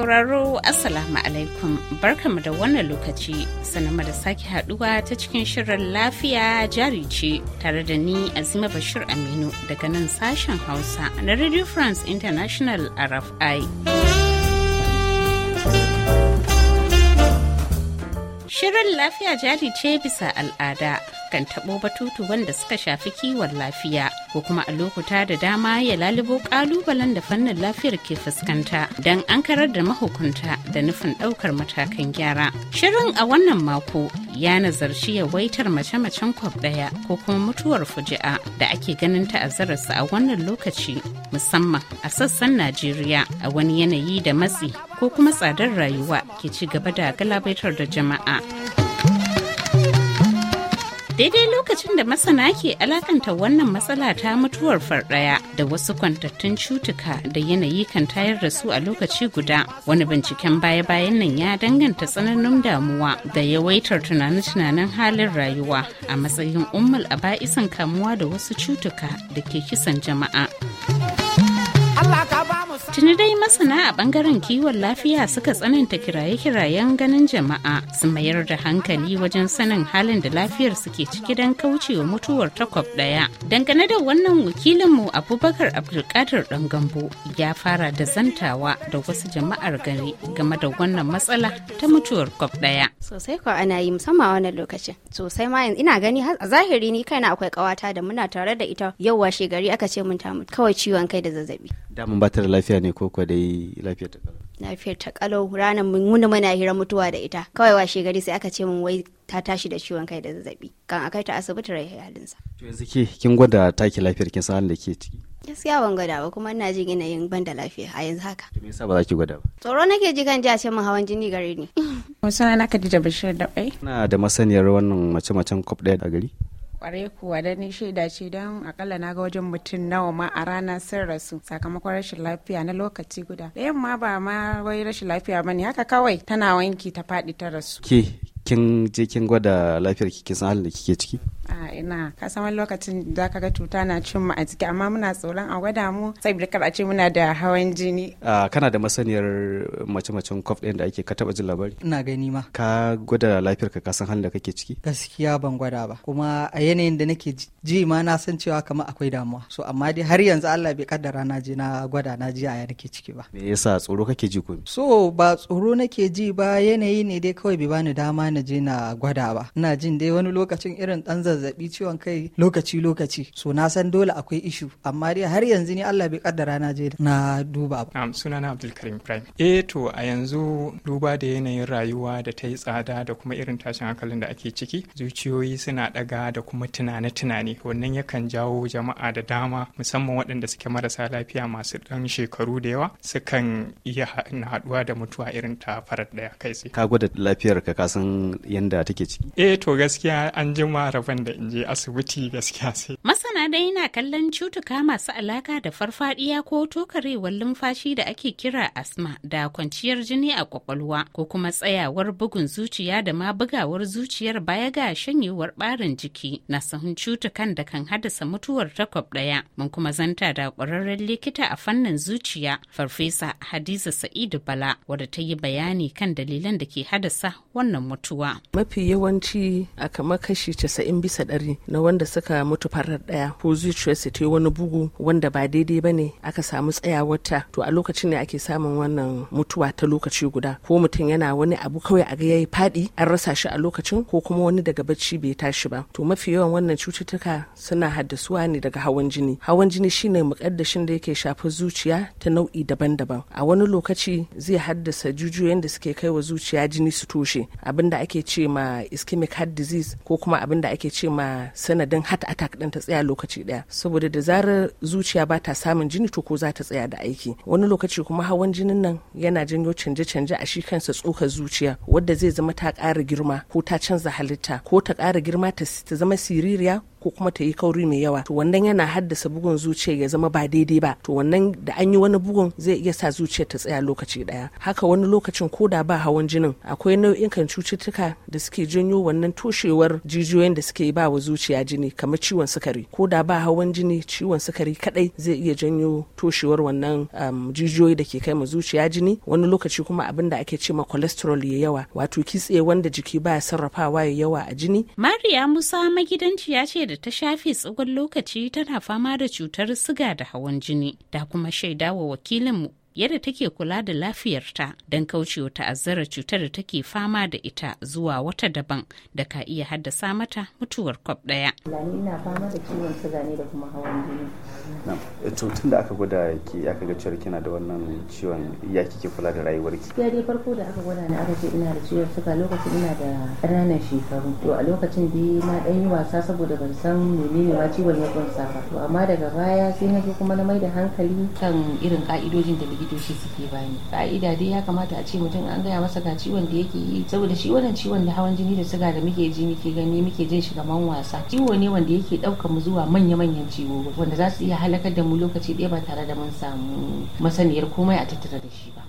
sauraro Assalamu alaikum barkamu da wannan lokaci sanama da sake haduwa ta cikin shirin lafiya jari ce tare da ni Azima Bashir Aminu daga nan sashen Hausa na Radio France International RFI. Shirin lafiya jari ce bisa al'ada kan taɓo batutu wanda suka shafi kiwon lafiya ko kuma a lokuta da dama ya lalubo kalubalen da fannin lafiyar ke fuskanta don an karar da mahukunta da nufin daukar matakan gyara. Shirin a wannan mako ya nazarci yawaitar mace-macen kwab daya ko kuma mutuwar fuji'a da ake ganin ta ta'azzararsa a wannan lokaci musamman a sassan Najeriya a wani yanayi da matsi ko kuma tsadar rayuwa ke ci gaba da galabaitar da jama'a. daidai lokacin da masana ke alakanta wannan matsala ta mutuwar farɗaya da wasu kwantattun cutuka da yanayi kan tayar da su a lokaci guda wani binciken baya-bayan nan ya danganta tsananin damuwa da yawaitar tunanin tunanin halin rayuwa a matsayin ummul a ba'isan kamuwa da wasu cutuka da ke kisan jama'a Tuni dai masana a bangaren kiwon lafiya suka tsananta kiraye-kirayen ganin jama'a su mayar da hankali wajen sanin halin da lafiyar suke ciki don kaucewa mutuwar takwab daya. Dangane da wannan wakilinmu Abubakar Abdulkadir dan Gambo ya fara da zantawa da wasu jama'ar gari game da wannan matsala ta mutuwar kwab daya. Sosai ko ana yi musamman a wannan lokacin. Sosai ma ina gani a zahiri ni kaina akwai kawata da muna tare da ita yau washe gari aka ce mun ta kawai ciwon kai da zazzabi. damun ba ta da lafiya ne ko kuwa dai lafiyar ta kalau lafiyar ta kalau ranar mun wuni muna hira mutuwa da ita kawai washe gari sai aka ce mun wai ta tashi da ciwon kai da zazzabi kan akai ta asibiti rai halinsa to yanzu ke kin gwada taki lafiyar kin san da ke ciki gaskiya ban gwada ba kuma ina jin yanayin ban da lafiya a yanzu haka to me yasa ba za ki gwada ba tsoro nake ji kan ji a mun hawan jini gare ni mun sana naka da Bashir da bai na da masaniyar wannan mace-macen kwaf daya a gari Kware kuwa da ni shaida ce don akalla na ga wajen mutum nawa ma a rana sun rasu sakamakon rashin lafiya na lokaci guda da yamma ba ma wai rashin lafiya ba ne haka kawai tana wanki ta faɗi ta rasu ke kin je kin gwada lafiyar kikin san halin da kike ciki a ina ka san lokacin da ka ga cuta na cin mu a ciki amma muna tsoron a gwada mu saboda kar a ce muna da hawan jini kana da masaniyar mace-macen kwaf ɗin da ake ka taba jin labari ina gani ma ka gwada lafiyar ka san halin da kake ciki gaskiya ban gwada ba kuma a yanayin da nake ji ma na san cewa kamar akwai damuwa so amma dai har yanzu Allah bai kaddara na je na gwada na ji a nake ciki ba me yasa tsoro kake ji ko so ba tsoro nake ji ba yanayi ne dai kawai bai bani dama na je na gwada ba ina jin dai wani lokacin irin dan zazzabi zazzabi ciwon kai lokaci lokaci so na san dole akwai ishu amma dai har yanzu ni Allah bai kaddara na je na duba ba am sunana Karim Prime eh to a yanzu duba da yanayin rayuwa da ta yi tsada da kuma irin tashin hankalin da ake ciki zuciyoyi suna daga da kuma tunane tunane wannan yakan jawo jama'a da dama musamman waɗanda suke marasa lafiya masu ɗan shekaru da yawa sukan iya haɗuwa da mutuwa irin ta farar ɗaya kai ka gwada lafiyarka ka san yanda take ciki eh to gaskiya an jima rabon da in je asibiti gaskiya sai. Masana dai na kallon cutuka masu alaka da farfadiya ko tokarewar lumfashi da ake kira asma da kwanciyar jini a kwakwalwa ko kuma tsayawar bugun zuciya da ma bugawar zuciyar baya ga shanyewar barin jiki na sahun cutukan da kan haddasa mutuwar takwab daya mun kuma zanta da kwararren likita a fannin zuciya farfesa hadiza sa'idu bala wadda ta yi bayani kan dalilan da ke haddasa wannan mutuwa mafi yawanci a kama kashi 90 bisa hadari na wanda suka mutu farar ɗaya ko su ta wani bugu wanda ba daidai ba ne aka samu tsayawarta to a lokacin ne ake samun wannan mutuwa ta lokaci guda ko mutum yana wani abu kawai a ga yayi faɗi an rasa shi a lokacin ko kuma wani daga bacci bai tashi ba to mafi yawan wannan cututtuka suna haddasuwa ne daga hawan jini hawan jini shine mukaddashin da yake shafa zuciya ta nau'i daban-daban a wani lokaci zai haddasa jujuyoyin da suke kai wa zuciya jini su toshe abinda ake ce ma ischemic heart disease ko kuma abinda ake ce ma ma sanadin heart attack ɗin ta tsaya lokaci daya saboda da zarar zuciya ba ta samun jini to ko za ta tsaya da aiki wani lokaci kuma hawan jinin nan yana janyo canje-canje a shi kansa tsokar zuciya wadda zai zama ta ƙara girma ko ta canza halitta ko ta ƙara girma ta zama siririya ko kuma ta yi kauri mai yawa to wannan yana haddasa bugun zuciya ya zama ba daidai ba to wannan da an yi wani bugun zai iya sa zuciya ta tsaya lokaci daya haka wani lokacin ko da ba hawan jinin akwai nau'ikan cututtuka da suke janyo wannan toshewar jijiyoyin da suke ba wa zuciya jini kamar ciwon sukari ko da ba hawan jini ciwon sukari kadai zai iya janyo toshewar wannan um, jijiyoyi da ke kai ma zuciya jini wani lokaci kuma abin da ake ce ma cholesterol ya yawa wato kitse wanda jiki ba sarrafawa ya yawa a jini maria musa magidanci ya ce da ta shafe tsohon lokaci tana fama da cutar suga da hawan jini da kuma shaida wa wakilinmu yadda take kula da lafiyarta don kaucewa ta'azzara cutar da take fama da ita zuwa wata daban da ka iya haddasa mata mutuwar kwab ɗaya. ina fama da ciwon suga ne da kuma hawan jini. Eh, to tun da aka gwada ki aka ga cewar kina da wannan ciwon ya kike kula da ki. ya dai farko da aka gwada ni aka ce ina da ciwon suga lokacin ina da ƙananan shekaru to a lokacin dai na ɗan yi wasa saboda ban san menene ma ciwon ya kunsa ba to amma daga baya sai na kuma na mai da hankali kan irin ka'idojin da likita likitoci suke bani ka'ida dai ya kamata a ce mutum an gaya masa ga ciwon da yake yi saboda shi wannan ciwon da hawan jini da suga da muke ji muke gani muke jin shi kamar wasa ciwo ne wanda yake ɗauka mu zuwa manya-manyan ciwo wanda za su iya halakar da mu lokaci ɗaya ba tare da mun samu masaniyar komai a tattara da shi ba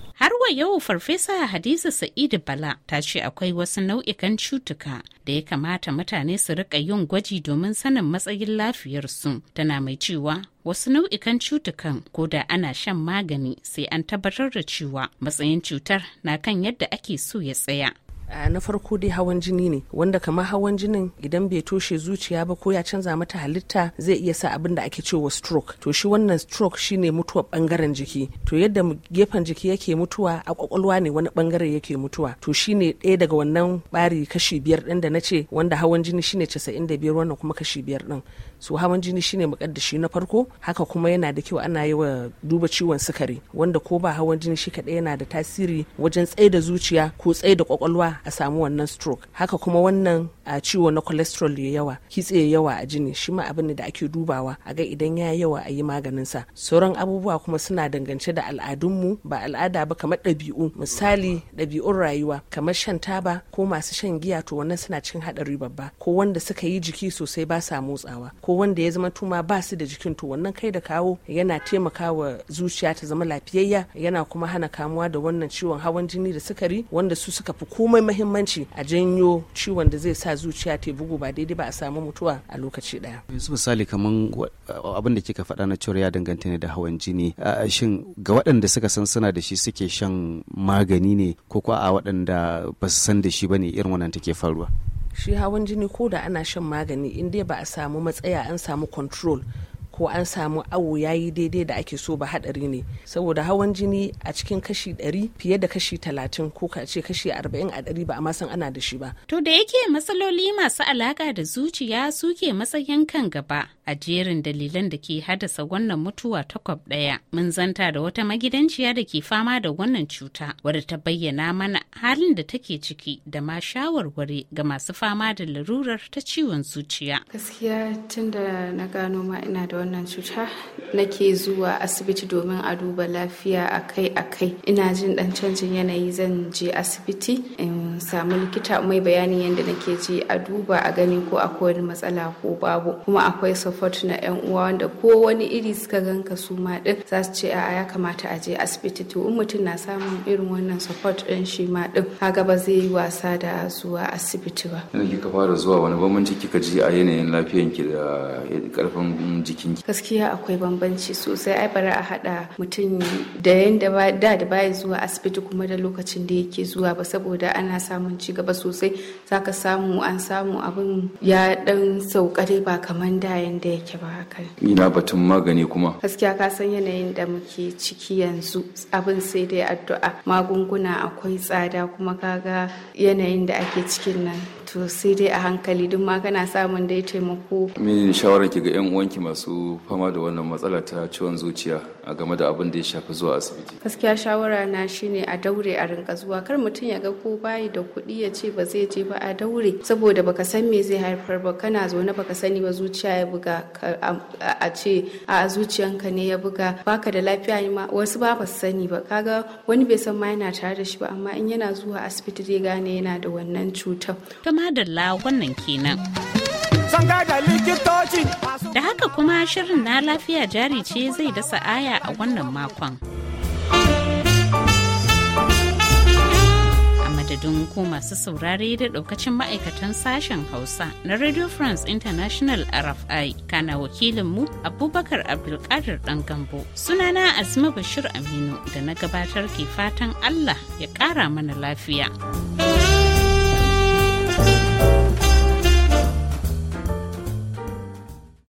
yau farfesa Hadiza Sa'idu Bala ta ce akwai wasu nau'ikan cutuka da ya kamata mutane su rika yin gwaji domin sanin matsayin lafiyarsu. Tana mai cewa wasu nau'ikan cutukan ko da ana shan magani sai an tabbatar da cewa matsayin cutar na kan yadda ake so ya tsaya. na farko dai hawan jini ne wanda kamar hawan jinin idan bai toshe zuciya ba ko ya canza mata halitta zai iya sa abin da ake cewa stroke to shi wannan stroke shine mutuwar bangaren jiki to yadda gefen jiki yake mutuwa a kwakwalwa ne wani bangare yake mutuwa to shine ɗaya daga wannan bari kashi biyar din da na ce wanda hawan jini shine casa'in da biyar wannan kuma kashi biyar ɗin so hawan jini shine mukaddashi na farko haka kuma yana da kyau ana yi wa duba ciwon sukari wanda ko ba hawan jini shi kaɗai yana da tasiri wajen tsaida zuciya ko tsaida kwakwalwa a samu wannan stroke haka kuma wannan a ciwo na cholesterol ya yawa kitse ya yawa a jini shi ma abin da ake dubawa a ga idan ya yawa a yi maganin sa sauran abubuwa kuma suna dangance da al'adunmu ba al'ada ba kamar ɗabi'u misali ɗabi'un rayuwa kamar shan taba ko masu shan giya to wannan suna cikin haɗari babba ko wanda suka yi jiki sosai ba sa motsawa ko wanda ya zama tuma ba su da jikin to wannan kai da kawo yana taimakawa zuciya ta zama lafiyayya yana kuma hana kamuwa da wannan ciwon hawan jini da sukari wanda su suka fi komai mahimmanci a janyo ciwon da zai sa sa zuciya ta bugu ba daidai ba a samu mutuwa a lokaci daya yanzu misali kamar abin da kika faɗa na cewa ya danganta ne da hawan jini shin ga waɗanda suka san suna da shi suke shan magani ne ko kuwa a waɗanda ba su san da shi ba ne irin wannan take faruwa shi hawan jini ko da ana shan magani in dai ba a samu matsaya an samu control ko an samu awo ya yi daidai da ake so ba hadari ne saboda hawan jini a cikin kashi ɗari fiye da kashi talatin ko ce kashi arba'in a ɗari ba a san ana da shi ba to da yake matsaloli masu alaka da zuciya suke matsayin kan gaba a jerin dalilan da ke haddasa wannan mutuwa takwab ɗaya daya mun zanta da wata magidanciya da ke fama da wannan cuta wadda ta bayyana mana halin da take ciki da ma shawarwari ga masu fama da larurar ta ciwon zuciya gaskiya tun da na gano ma ina da wannan cuta nake zuwa asibiti domin a duba lafiya akai-akai ina jin dan canjin yanayi zan je asibiti in samu likita mai bayani yadda nake ji a duba a gani ko akwai wani matsala ko babu kuma akwai support na yan uwa wanda ko wani iri suka ganka su ma din za su ce a'a ya kamata a je asibiti to in mutum na samun irin wannan support din shi ma din kaga ba zai yi wasa da zuwa asibiti ba ina kika fara zuwa wani bambanci kika ji a yanayin ki da karfin ki. gaskiya akwai bambanci sosai ai bara a hada mutum da yanda da da baya zuwa asibiti kuma da lokacin da yake zuwa ba saboda ana sa samun ci gaba sosai za ka samu an samu abin ya dan sauka ba kamar da yanda yake ba haka ina batun magani kuma gaskiya ka san yanayin da muke ciki yanzu abin sai dai addu'a magunguna akwai tsada kuma kaga yanayin da ake cikin nan to sai dai a hankali duk ma kana samun dai taimako me shawarar ki ga yan uwanki masu fama da wannan matsala ta ciwon zuciya a game da abin da ya shafi zuwa asibiti gaskiya shawara na shine a daure a rinka zuwa kar mutum ya ga ko bayi da kuɗi ya ce ba zai je ba a daure saboda baka san me zai haifar ba kana zaune baka sani ba zuciya ya buga a ce a zuciyanka ne ya buga baka da lafiya ma wasu ba ba sani ba kaga wani bai san ma yana tare da shi ba amma in yana zuwa asibiti zai gane yana da wannan cutar madalla wannan kenan. Da haka kuma shirin na lafiya jari ce zai dasa aya a wannan makon. a madadin ku masu saurare da daukacin ma'aikatan sashen hausa na radio france international rfi kana wakilinmu abubakar abdulkadir dan gambo sunana azuma bashir aminu da na gabatar ke fatan allah ya kara mana lafiya.